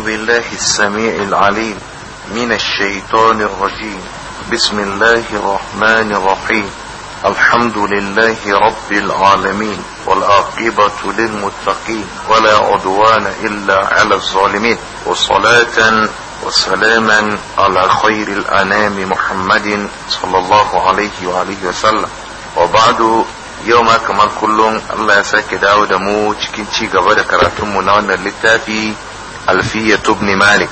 بالله السميع العليم من الشيطان الرجيم بسم الله الرحمن الرحيم الحمد لله رب العالمين والآقبة للمتقين ولا عدوان إلا على الظالمين وصلاة وسلاما على خير الأنام محمد صلى الله عليه وآله وسلم وبعد يوم ma كلهم الله Allah داود sake dawo da mu cikin ci gaba الخلفية ابن مالك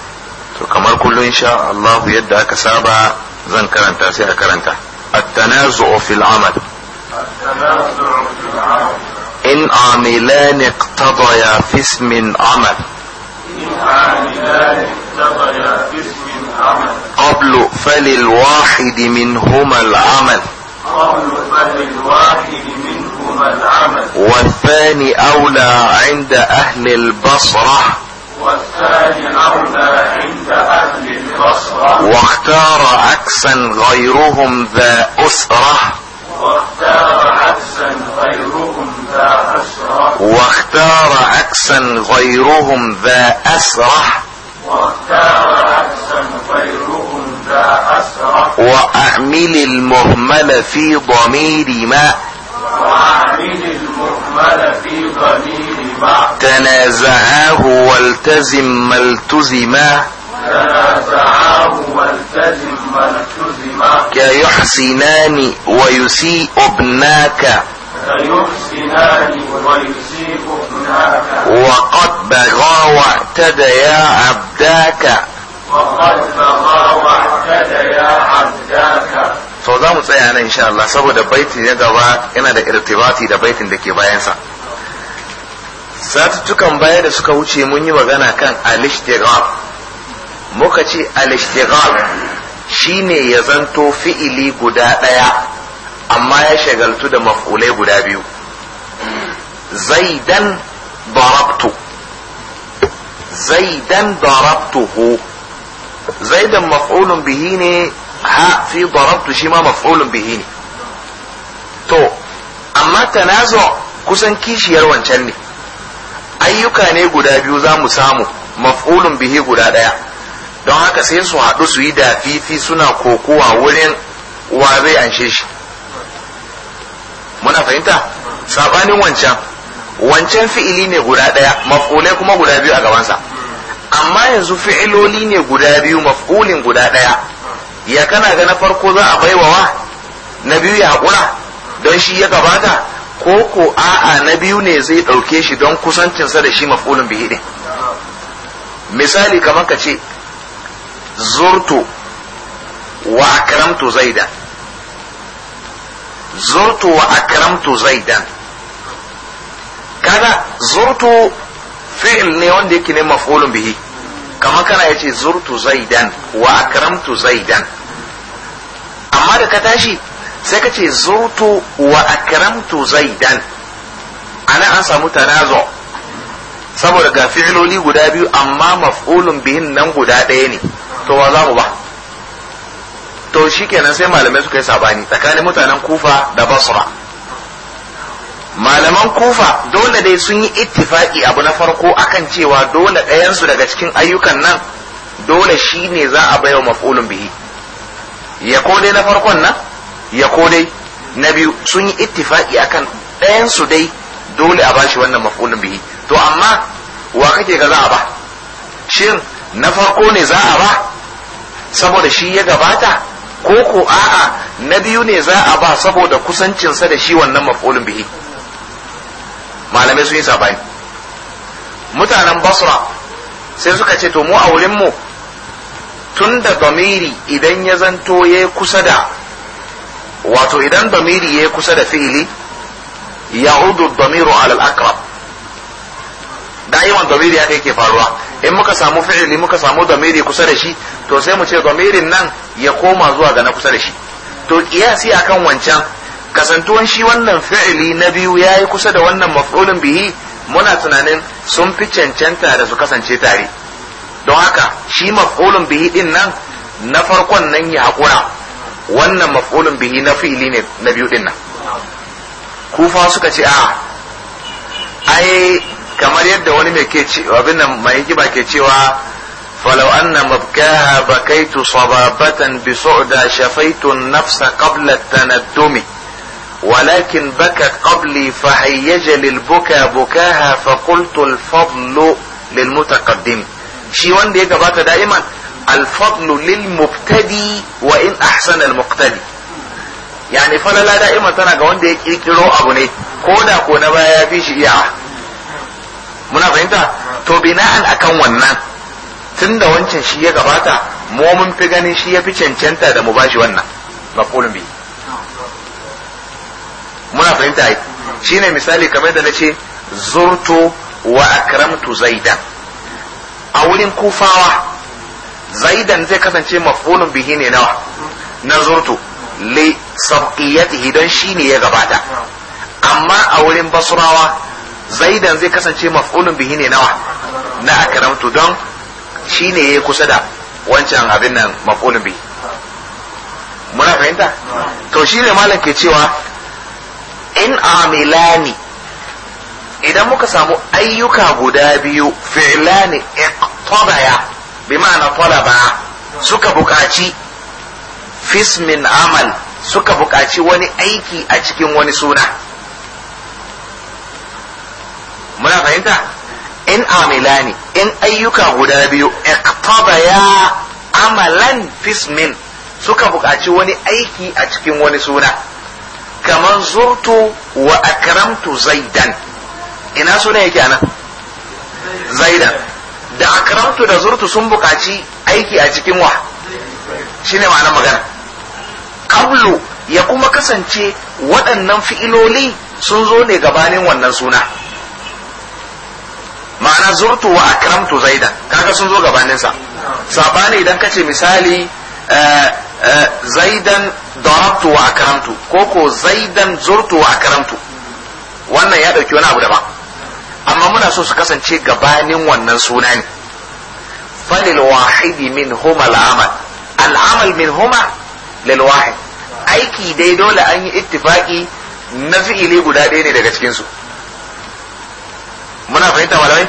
كما كل إن شاء الله يدعك سابعا زن كرنتا سيئة كرنتا التنازع في العمل إن عاملان اقتضيا في اسم عمل إن عاملان اقتضيا في اسم عمل قبل فللواحد منهما العمل قبل فللواحد منهما العمل والثاني أولى عند أهل البصرة واختار عكسا غيرهم ذا أسرة واختار عكسا غيرهم ذا أسرة واختار عكسا غيرهم ذا أسرة واختار عكسا غيرهم ذا أسرة وأعمل المهمل في ضمير ما تنازعاه والتزم ما التزم كيحسنان ويسيء ابناك وقد بغى واعتدى يا عبداك وقد بغى واعتدى يا عبداك to za mu tsaya nan insha Allah saboda baitin ya gaba yana da irtibati da baitin da ke bayansa. satuttukan baya da suka wuce mun yi magana kan alishtighal muka ce alishtighal shine ya zanto fi'ili guda ɗaya amma ya shagaltu da maf'ulai guda biyu zaidan barabtu. zaidan darabtuhu zaidan maf'ulun bihi ne ha fi darabtu shi ma maf'ulun bihi ne to amma tanazo kusan kishiyar wancan ne ayyuka ne guda biyu za mu samu maf'ulun bihi guda ɗaya don haka sai su haɗu su yi dafifi suna kokowa wurin wa zai anshe shi muna fahimta sabanin wancan wancan fi'ili ne guda ɗaya maf'ulai kuma guda biyu a gabansa amma yanzu fi'iloli ne guda biyu maf'ulin guda ɗaya ya kana ga na farko za a baiwa wa na biyu ya haƙura don shi ya gabata ko ko a'a na biyu ne zai ɗauke shi don kusancinsa da shi maf'ulun bihi ɗin misali kamar ka ce zurtu wa akramtu zaidan zurtu wa akramtu zaidan kaga zurtu fi'il ne wanda yake ne maf'ulun bihi kamar kana yace zurtu zaidan wa akramtu zaidan amma da ka tashi sai ka ce zutu wa akramtu zaidan ana an samu tanazo saboda ga fi'iloli guda biyu amma maf'ulun bihin nan guda ɗaya ne to wa za mu ba to shikenan sai malamai suka yi sabani tsakanin mutanen kufa da basra malaman kufa dole dai sun yi ittifaki abu na farko akan cewa dole ɗayansu daga cikin ayyukan nan dole shi ne za a baiwa maf'ulun bihi ya kodai na farkon nan ya ko dai na biyu sun yi ittifaki akan ɗayan su dai dole a bashi wannan maf'ulun bihi to amma wa kake ga za a ba shin na farko ne za a ba saboda shi ya gabata ko ko a'a na biyu ne za a ba saboda kusancinsa da shi wannan maf'ulun bihi malamai sun yi sabani mutanen basra sai suka ce to mu a wurinmu tun da domiri idan ya zanto ya kusa da wato idan damiri ya kusa da fi'ili hudu damiru ala al da'iman damiri ya kai ke faruwa in muka samu fi'ili muka samu damiri kusa da shi to sai mu ce damirin nan ya koma zuwa ga na kusa da shi to kiyasi akan wancan kasantuwan shi wannan fi'ili na biyu ya yi kusa da wannan maf'ulun bihi muna tunanin sun fi cancanta da su kasance tare don haka shi maf'ulun bihi din nan na farkon nan ya haƙura wannan maf'ulun bihi na fi'ili ne na biyu din nan kufa suka ce a ai kamar yadda wani mai ke ce abin nan mai kiba ke cewa falau anna mabkaha bakaitu sababatan bi su'da shafaitu nafsa qabla tanaddumi ولكن بكت قبلي فهيج للبكا بكاها فقلت الفضل للمتقدم shi wanda ya gabata da'iman الفضل للمبتدي وإن أحسن المقتدي يعني فلا دائما tana ga wanda ya kirkiro abu ne ko da ko na baya ya fi shi iya muna fahimta to bina'an akan wannan tunda wancan shi ya gabata mu mun fi ganin shi ya fi cancanta da mu bashi wannan maqulun bi muna fahimta ai shine misali kamar da nace zurtu wa akramtu zaidan a wurin kufawa zaidan zai kasance mafulun bihi ne nawa na zurtu li sabqiyatihi don shine ya gabata amma a wurin basurawa zaidan zai kasance mafulun bihi ne nawa na akramtu don shine yayi kusa da wancan abin nan mafulun bihi muna fahimta to shine malam ke cewa in amilani idan muka samu ayyuka guda biyu fi'lani iqtabaya bi ma'ana talaba suka buƙaci fismin amal suka buƙaci wani aiki a cikin wani suna muna fahimta in amilani in ayyuka guda biyu ya amalan fismin suka bukaci wani aiki a cikin wani suna kamar zurtu wa akramtu zaidan ina suna yake nan zaidan da akramtu da zurtu sun buƙaci aiki a cikin wa shine ma'anar magana kablu ya kuma kasance waɗannan fi'iloli sun zo ne gabanin wannan suna ma'ana zurtu wa akramtu zaidan kaga sun zo gabanin sa sabani idan kace misali eh, eh, zaidan darabtu wa akramtu ko ko zaidan zurtu wa akramtu wannan ya ɗauki wani abu daban amma muna so su kasance gabanin wannan suna ne falil wahidi min huma al'amal al'amal min huma lil wahid aiki dai dole an yi ittifaki na fi'ili guda ɗaya ne daga cikin su muna fahimta malamai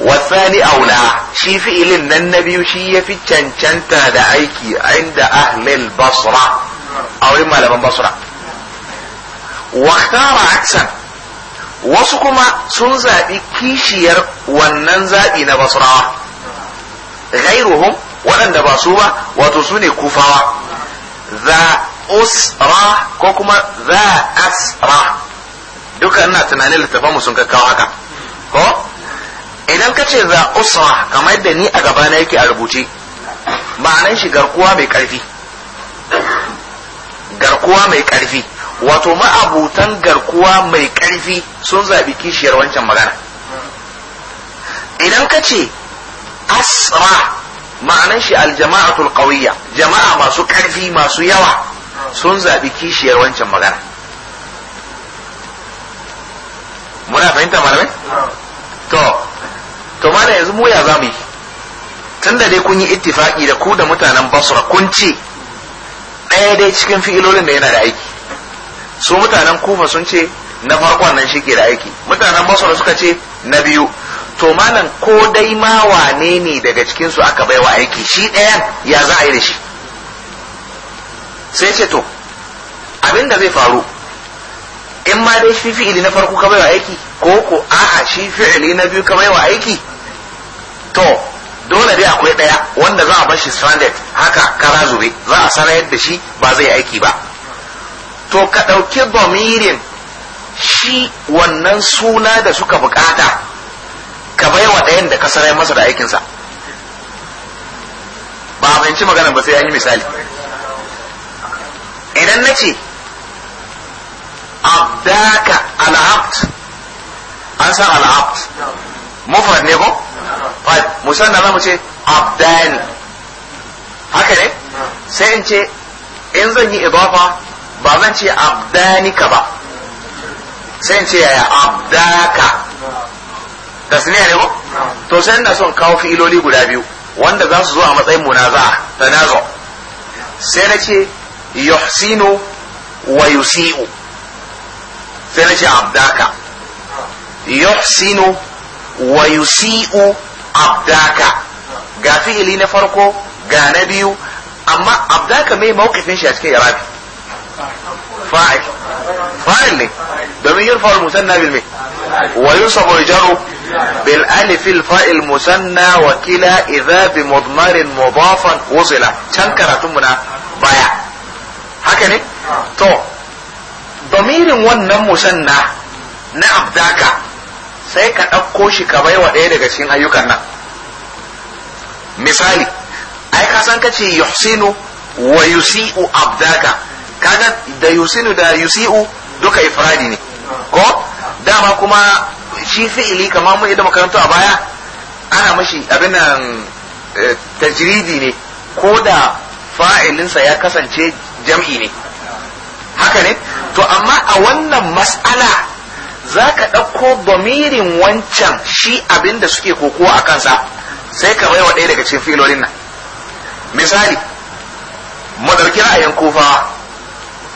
wasani aula shi fi'ilin nan na biyu shi ya fi cancanta da aiki inda ahlil basra a wurin malaman basra wa aksan wasu kuma sun zaɓi kishiyar wannan zaɓi na basrawa ghairuhum waɗanda ba su ba wato su ne kufawa za usra ko kuma za asra duka ina tunanin littafan mu sun kakkawa haka ko idan ka ce za usra kamar yadda ni a gabana yake a rubuce ma'anan shi garkuwa mai ƙarfi garkuwa mai ƙarfi wato ma'abutan garkuwa mai ƙarfi sun zaɓi kishiyar wancan magana idan ka ce asra ma'anar shi aljama'atul ƙauyya jama'a masu ƙarfi masu yawa sun zaɓi kishiyar wancan magana muna fahimta malamai to to mana yanzu mu ya zamu yi tunda dai kun yi ittifaki da ku da mutanen basra kun ce ɗaya dai cikin fi'ilolin da yana da aiki su mutanen kufa sun ce na farko nan shi ke da aiki mutanen masara suka ce na biyu to malam ko dai ma wane ne daga cikin su aka baiwa aiki shi ɗayan ya za a yi da shi sai ce to abin da zai faru in ma dai shi fi'ili na farko ka baiwa aiki ko ko a'a shi fi'ili na biyu ka baiwa aiki to dole dai akwai ɗaya wanda za a bar shi stranded haka kara zube za a sanar da shi ba zai aiki ba to ka ɗauki domirin shi wannan suna da suka bukata ka bai wa ɗayan da ka sarai masa da aikinsa ba a fahimci magana ba sai an yi misali idan na ce abdaka al'abd an san al'abd mufrad ne ko musanna za mu ce abdani haka ne sai in ce in zan yi idafa ba zan ce abdanika ba sai in ce yaya abdaka tasniya ne ko to sai ina son kawo fi'iloli guda biyu wanda za su zo a matsayin munaza tanazo sai na ce yuhsinu wa yusi'u sai na ce abdaka yuhsinu wa yusi'u abdaka ga fi'ili na farko ga na biyu amma abdaka mai mawqifin shi a cikin irabi fa'il fa'il ne domin yurfa musanna bil me wa yusabu jaru bil alif fa'il musanna wakila kila idha bi mudmarin mudafan wusila can karatun muna baya haka ne to domirin wannan musanna na abdaka sai ka ɗauko shi ka baiwa ɗaya daga cikin ayyukan nan misali ai ka san kace yuhsinu wa yusi'u abdaka kaga da yusinu da yusi'u duka ifradi ne ko dama kuma shi fi'ili kamar mun yadda makarantu a baya ana mashi abin nan eh, tajridi ne ko da fa'ilinsa ya kasance jam'i ne haka ne to amma a wannan mas'ala za ka ɗauko domirin wancan shi abin da suke kokowa a kansa sai ka baiwa ɗaya daga cikin filolin nan misali mu ɗauki ra'ayin kofawa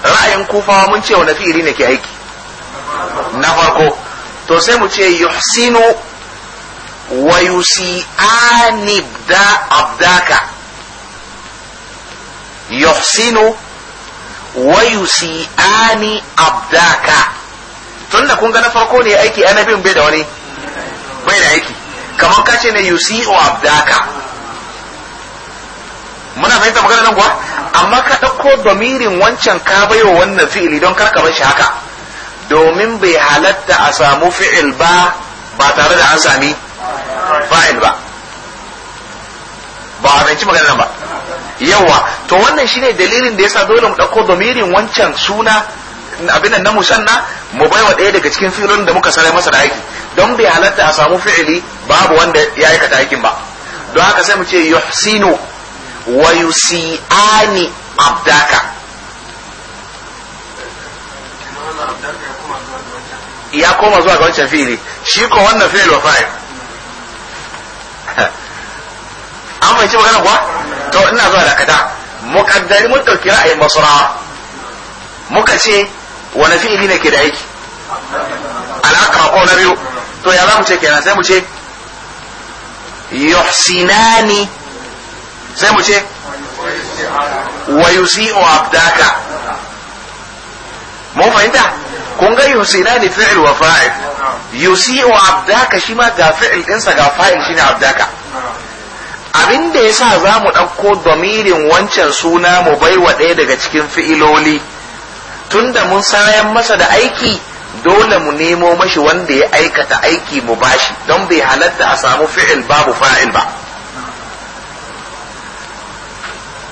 ra'ayin kufawa mun ce wani fi'ili ne ke aiki na farko to sai mu ce yuhsinu wa yusi'ani da abdaka yuhsinu wa yusi'ani abdaka tunda kun ga na farko ne aiki anabin bai da wani bai da aiki kamar ka ce ne yusi'u abdaka muna fahimta magana nan kuwa amma ka ɗauko domirin wancan ka baiwa wannan fi'ili don karka ka bar shi haka domin bai halatta a samu fi'il ba ba tare da an sami fa'il ba ba a zanci magana ba yawa to wannan shine dalilin da yasa dole mu ɗauko domirin wancan suna abin na musanna mu bai wa ɗaya daga cikin filin da muka sare masa da aiki don bai halatta a samu fi'ili babu wanda ya aikata aikin ba don haka sai mu ce yuhsinu wa yusi'ani abdaka ya koma zuwa ga wancan fi'ili shi ko wannan fi'il wa fa'il an fahimci magana kuwa to ina zuwa da kada muqaddari mun dauki ra'ayin basra muka ce wani fi'ili ne ke da aiki alaka ko na biyu to ya za mu ce kenan sai mu ce yuhsinani sai mu ce wa yusi'u abdaka mun fahimta kun ga yusina ne fi'il wa fa'il yusi'u abdaka shi ma ga fi'il ɗinsa ga fa'il shine abdaka abin da yasa za mu ɗauko domirin wancan suna mu bai wa ɗaya daga cikin fi'iloli tunda mun sayan masa da aiki dole mu nemo mashi wanda ya aikata aiki mu bashi don bai halatta a samu fi'il babu fa'il ba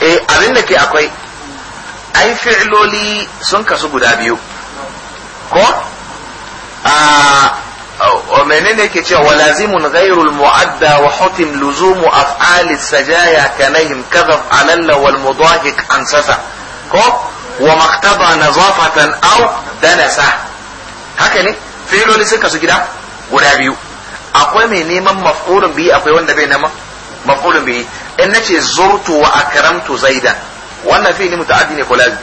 eh abin da ke akwai ai fi'loli sun kasu guda biyu ko a ah, menene ke cewa walazimun ghairul mu'adda wa hutim luzumu af'ali sajaya kanahim kadhaf alalla wal mudahiq ansasa ko wa maqtada nazafatan aw danasa haka ne fi'loli sun kasu gida guda biyu akwai mai neman maf'urin bi akwai wanda bai neman maf'ulun bihi in nace zurtu wa akramtu zaidan wannan fi'li muta'addi ne ko lazim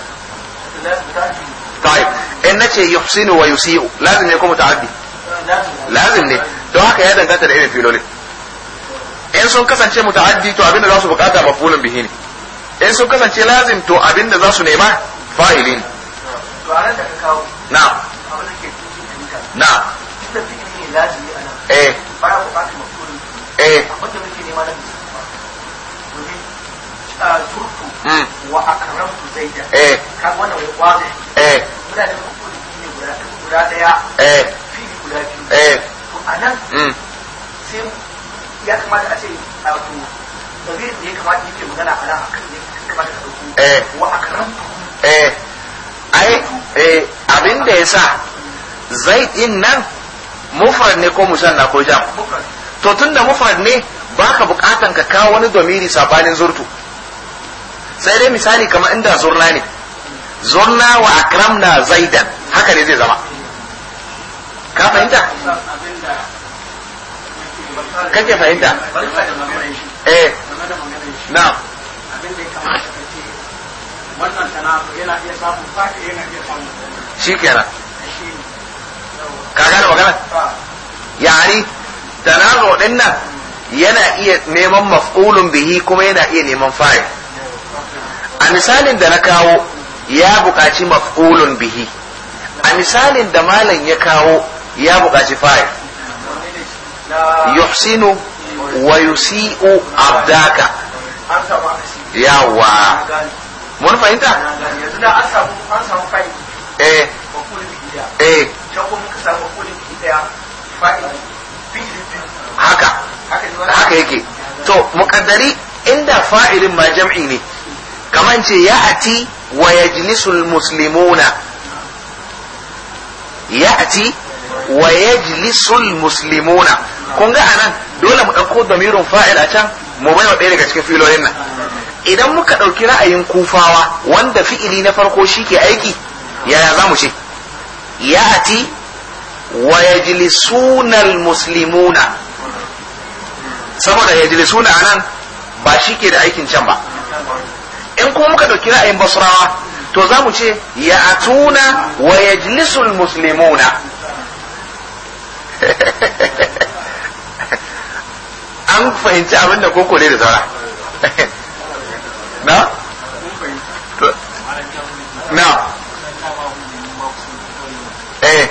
طيب in nace yuhsinu wa yusi'u lazim ne ko muta'addi lazim ne don haka ya danganta da irin filolin in kasance muta'addi to abinda za su bukata maf'ulun bihi ne kasance lazim to abinda za su nema fa'ili ne na na wa akramtu zaidan eh kan wannan wani eh guda da ne guda guda daya eh fi guda biyu eh to anan sai ya kamata a ce a to dalilin da ya kamata yake magana a nan akan ne kamata ka dauko eh wa akramtu eh ai eh abin da yasa zaidin nan mufrad ne ko musanna ko jam to tunda mufrad ne baka bukatan ka kawo wani domiri sabanin zurtu sai dai misali kamar inda zurna ne zurna wa akramna zaidan haka ne zai zama ka fahimta kake fahimta eh na shi kenan ka gane magana yani tanazo din nan yana iya neman maf'ulun bihi kuma yana iya neman fa'il a misalin da na kawo ya buƙaci maf'ulun bihi a misalin da malam ya kawo ya buƙaci fa'il yuhsinu wa yusi'u abdaka yawa mun fahimta yanzu da an samu an samu fa'il eh eh kuma ka samu daya fa'il haka haka yake to muqaddari inda fa'ilin ma jam'i ne kaman ce ya ati wa yajlisul muslimuna ya ati wa muslimuna kun ga anan dole mu ɗauko damirin fa'il a can mu baiwa ɗaya daga cikin filolin nan idan muka ɗauki ra'ayin kufawa wanda fi'ili na farko shi ke aiki yaya za mu ce ya ati wa yajlisunal muslimuna saboda a nan ba shi ke da aikin can ba idan kuma muka ɗauki ra'ayin basrawa to za mu ce ya atuna wa jilisul muslimuna an fahimci abin da koko ne da zara. na? na eh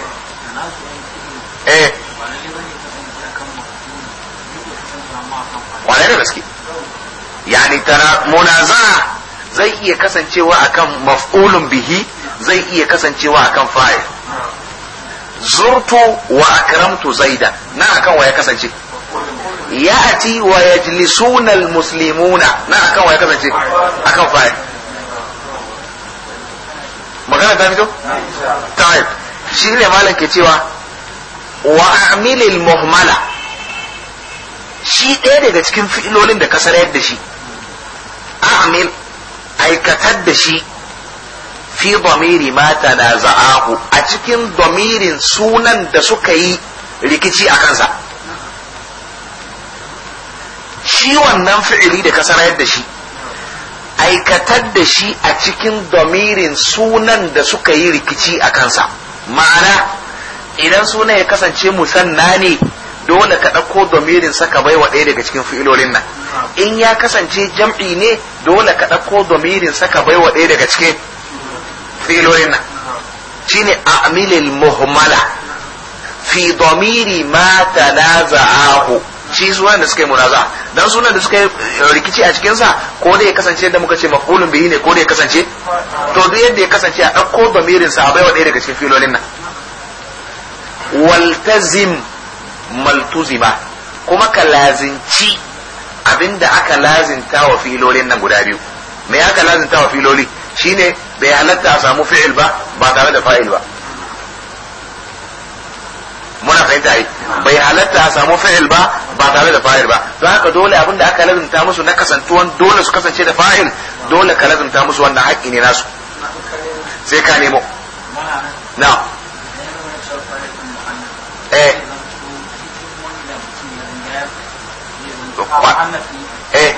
eh wane da gaske yani tana munazana zai iya kasancewa akan maf'ulun bihi zai iya kasancewa akan fa'il zurtu wa akramtu zaida na akan wa ya kasance ya'ti wa yajlisuna almuslimuna na akan wa ya kasance akan fa'il magana ta mito ta'ib shi ne malam ke cewa wa amilil muhmala shi ɗaya daga cikin fi'ilolin da ka yadda da shi amil aikatar da shi fi domiri mata na za'ahu a cikin domirin sunan da suka yi rikici a kansa shi wannan fi'ili da ka sanar da shi aikatar da shi a cikin domirin sunan da suka yi rikici a kansa ma'ana idan sunan ya kasance musanna ne dole ka ɗauko domirin saka baiwa ɗaya daga cikin fi'ilolin nan in ya kasance jam'i ne dole ka ɗauko domirin saka baiwa ɗaya daga cikin filoyin nan shine amilil muhmala fi domiri ma tanaza'ahu shi sunan da suka yi munaza dan sunan da suka yi eh, rikici a cikinsa ko da ya kasance da muka ce makulun bihi ne ko da ya kasance to duk yadda ya kasance a ɗauko domirin sa a baiwa ɗaya daga cikin filolin nan waltazim maltuzima kuma ka lazinci abinda aka lazinta wa filolin nan guda biyu me aka lazinta wa filoli shine bai halatta a samu fi'il ba ba tare da fa'il ba muna fahimta ai bai halatta a samu fi'il ba ba tare da fa'il ba don haka dole abin da aka lazinta musu na kasantuwan dole su kasance da fa'il dole ka lazinta musu wannan haƙƙi ne nasu sai ka nemo na eh Eh,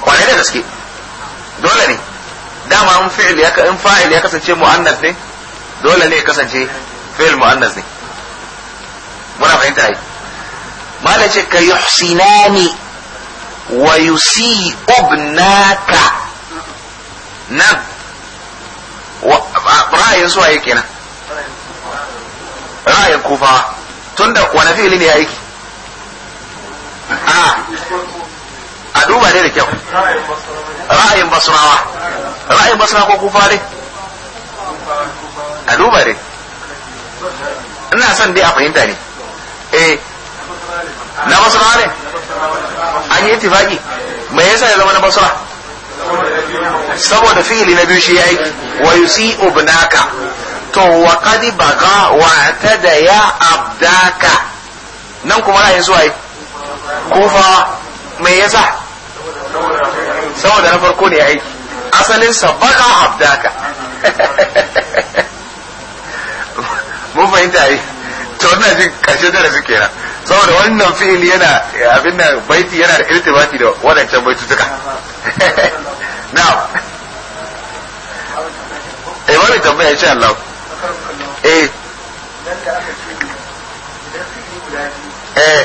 kwanai ne gaske dole ne dama in fi'il ya in fa'il ya kasance mu'annas ne dole ne ya kasance fi'il mu'annas ne muna fahimta ai mala ce ka yuhsinani wa yusi ibnaka nan ra'ayin su waye kenan ra'ayin kufa tunda wani fi'ili ne ya aiki a duba dai da kyau ra'ayin basurawa ra'ayin basurawa ko kufa dai a duba dai ina son dai a fahimta ne eh na basurawa ne an yi itifaki me yasa ya zama na basura saboda fi'ili na biyu shi ya yi wa si obinaka to wa kadi baka wa da ya abdaka nan kuma ra'ayin suwaye Kofa mai yasa saboda na farko ne aiki asalin sabaka abdaka mun fahimta yi to wannan jin karshe su kenan saboda wannan fi'il yana abin da baiti yana da irtibati da wadancan baitutuka na eh wani tambaya insha Allah eh eh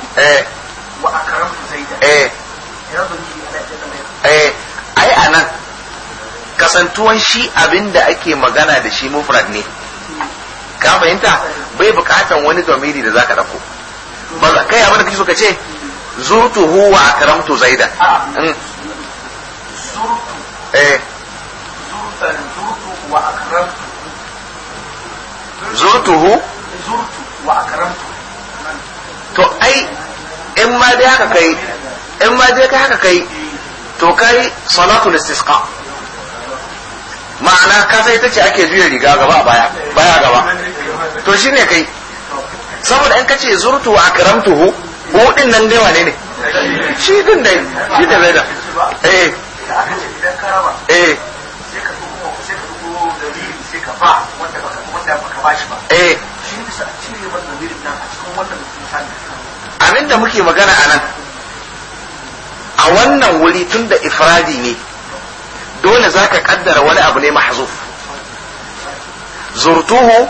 eh zaida eh. anan eh. kasantuwan shi abinda ake magana da shi mufrad ne ka fahimta bai bukatan wani domini da zaka dauko ba za kai abin da kake so ka ce zurtu huwa akramtu zaida mm. zurtu eh zurtu wa akramtu hu zurtu wa akramtu in ma dai haka kai in ma dai haka kai to kai salatul istisqa ma'ana ka sai ta ce ake juya riga gaba baya baya gaba to shine kai saboda in kace zurtu wa akramtuhu ko din nan dai wane ne shi din dai shi da bai da eh eh ba wanda baka ba shi ba eh shi ne sa cire wannan mirin nan a cikin wannan misali da muke magana a nan a wannan wuri tun da ifradi ne dole za ka kaddara wani abu ne mahzuf zurtuhu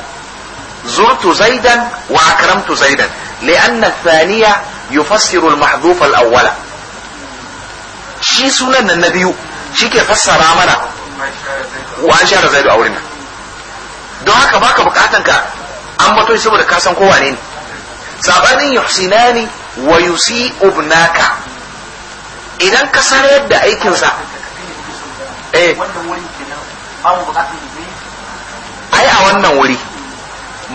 zurtu zaidan wa akramtu zaidan لأن الثانية يفسر المحذوف الأول shi sunan nan na biyu shi ke fassara mana wa an share zaidu a wurin nan don haka baka bukatan ka an bato saboda ka san kowa ne ne sabanin yuhsinani wa yusi ubnaka idan ka yadda da aikinsa eh ai a wannan wuri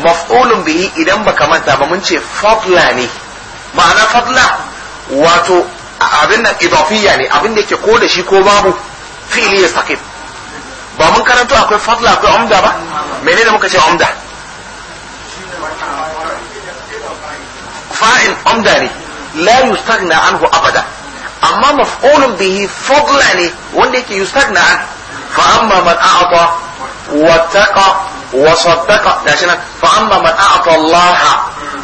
maf'ulun bihi idan baka manta ba mun ce fadla ne ma'ana fadla wato abin nan idafiyya ne abin da yake ko da shi ko babu fi'li yastaqim ba mun karanto akwai fadla akwai umda ba menene muka ce umda فاعل عمدة لا يستغنى عنه أبدا أما مفعول به فضلا وانك يستغنى عنه فأما من أعطى واتقى وصدق عشان فأما من أعطى الله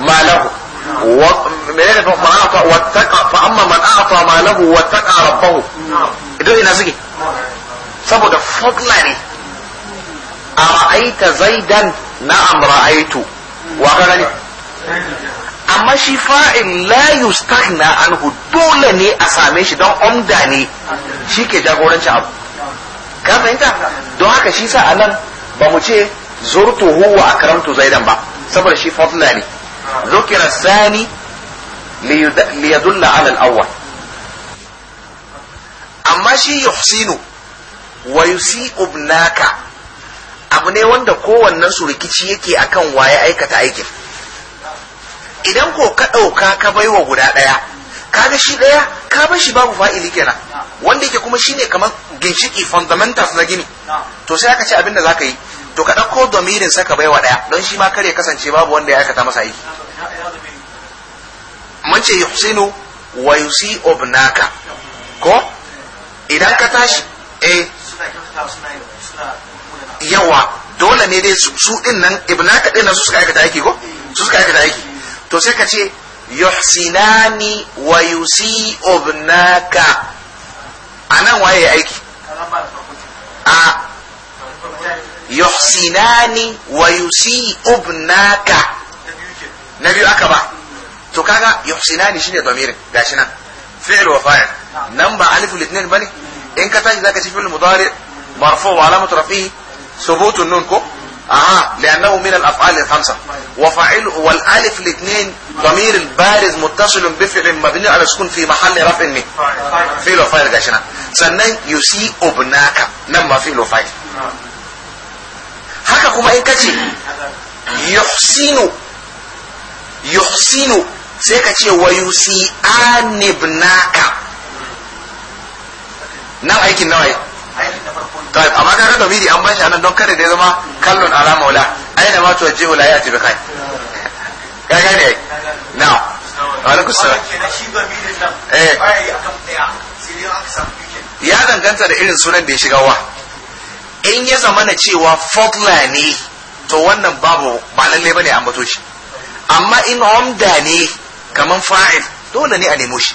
ما له واتقى فأما من أعطى ما له واتقى ربه إدو إنا سيكي saboda fadla ne a ra'aita zaidan na'am ra'aitu amma shi fa’in la na anhu dole ne a same shi don umda ne shi ke jagoranci abu ka fahimta don haka shi sa a nan ba mu ce zorto wa karamtu zaidan ba saboda shi fadla ne zukira sani liyadulla alal awwal amma shi yuhsinu wa yusi ibnaka abu ne wanda kowannen su rikici yake akan waye aikata aikin idan ko ka ɗauka ka baiwa guda ɗaya kaga shi ɗaya ka bar shi babu fa'ili kenan wanda yake kuma shine kamar ginshiki fundamentals na gini to sai aka ce abin da zaka yi to ka ɗauko domirin sa ka baiwa ɗaya don shi ma kare ya kasance babu wanda ya aikata masa aiki mun ce yuhsinu wa yusi obnaka ko idan ka tashi eh yawa dole ne dai su din nan ibnaka din nan su suka aikata aiki ko su suka aikata aiki to sai ka ce yuhsinani wa yusi ibnaka anan waye aiki a yuhsinani wa yusi ibnaka na biyu aka ba to kaga yuhsinani shine damirin gashi nan fi'l wa fa'il nan ba alif litnin bane in ka tashi zaka ci fi'l mudari marfu wa alamatu rafihi ثبوت النون كو اه لانه من الافعال الخمسه وفاعل والالف الاثنين ضمير البارز متصل بفعل مبني على السكون في محل رفع من فعل وفاعل جاشنا sannan yusi ubnaka nan ma fi'il fa'il haka kuma in kace yuhsinu yuhsinu sai ka ce wa yusi anibnaka nan aikin nawa طيب أما كان ضميري أم ya zama دون كده زما كل على مولاه أين ما توجهه لا يأتي بخير كان يعني نعم وعليكم السلام eh ya danganta da irin sunan da ya shiga wa in ya zama na cewa fadla ne to wannan babu ba lalle bane an bato shi amma in umda ne kaman fa'il dole ne a nemo shi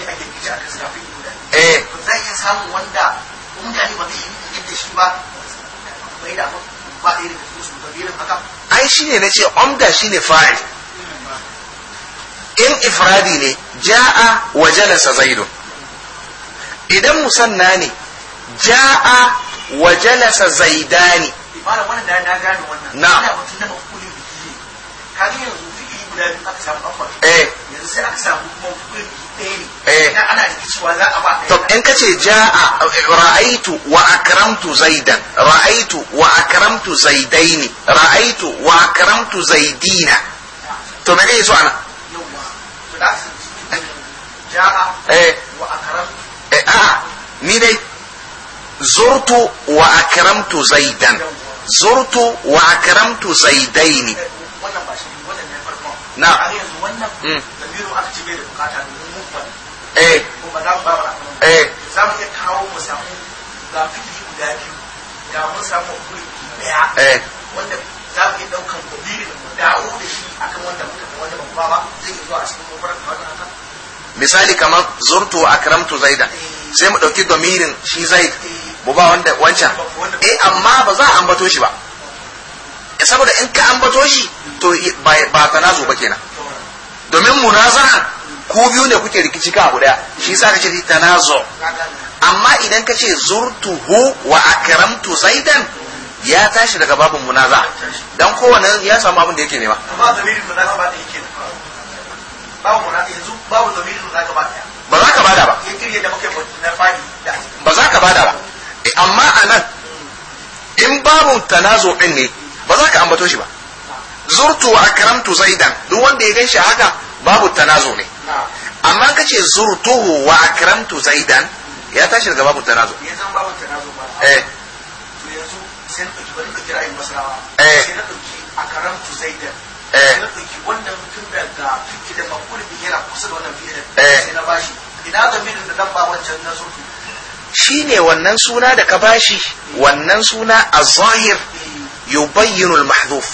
yana eh. shi ba na ce omda ne fa'il in ifradi ne ja'a wa jalasa zaidu idan musanna ne ja'a wa jalasa zaidani na gane wannan na mutum na kaga yanzu guda biyu aka yanzu sai aka samu kuma eh ana cewa za a ba to in kace jaa ra'aitu wa akramtu zaidan ra'aitu wa akramtu zaidaini ra'aitu wa akramtu zaidina to me ne so ana jaa eh wa akramtu eh a ni dai zurtu wa akramtu zaidan zurtu wa akramtu zaidaini eh, wannan ba shi wannan ne farko na wannan da mm. biro aka ci bai da bukata ne eh ko ba za mu ba ba eh za mu iya kawo mu samu ga fili guda biyu da mun samu kuri daya eh wanda za mu iya daukan gobirin mu dawo da shi akan wanda muka ga wanda ba ba zai iya zuwa a cikin gobar da wannan haka misali kamar zurtu wa akramtu zaida sai mu dauki domirin shi zaid mu ba wanda wancan eh amma ba za a ambato shi ba eh, saboda in ka ambato shi to ba tanazu ba kenan domin munazara Ku biyu ne kuke rikici kan abu shi yasa kace ta nazo amma idan kace zurtuhu wa akramtu zaidan ya tashi daga babin munaza dan kowanne ya samu abin da yake nema amma zamirin da yake babu munaza yanzu babu zamirin da zaka ba za ka bada ba ba za ka bada ba eh, amma a nan in babu tanazo din ne ba za ka ambato shi ba zurtu wa akramtu zaidan duk wanda ya ganshi haka babu tanazo ne amma ka ce zurtuhu wa akramtu zaidan ya tashi daga babu tanazo ya zan babu tanazo ba eh to yanzu sai na ɗauki bari ka kira ayin masarawa eh sai na ɗauki akramtu zaidan eh na ɗauki wannan tun daga fiki da makul da yana kusa da wannan fi'ilin eh. sai na bashi ina ga midin da dan ba wancan na zurtu ne wannan suna da ka bashi wannan suna a zahir yubayyinu mahduf.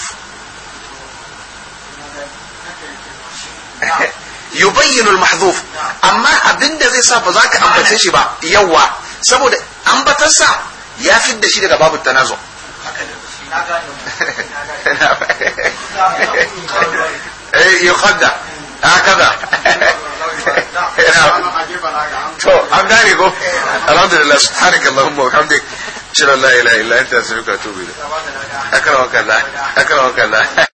yubayyinu al-mahdhuf amma abinda zai sa ba za ka ambace shi ba yawa saboda ambatarsa ya fidda shi daga babu tanazo yukhadda hakaza to an gane ko alhamdulillah subhanakallahumma wa hamdik shalla la ilaha illa anta astaghfiruka wa atubu ilayk akramaka allah akramaka allah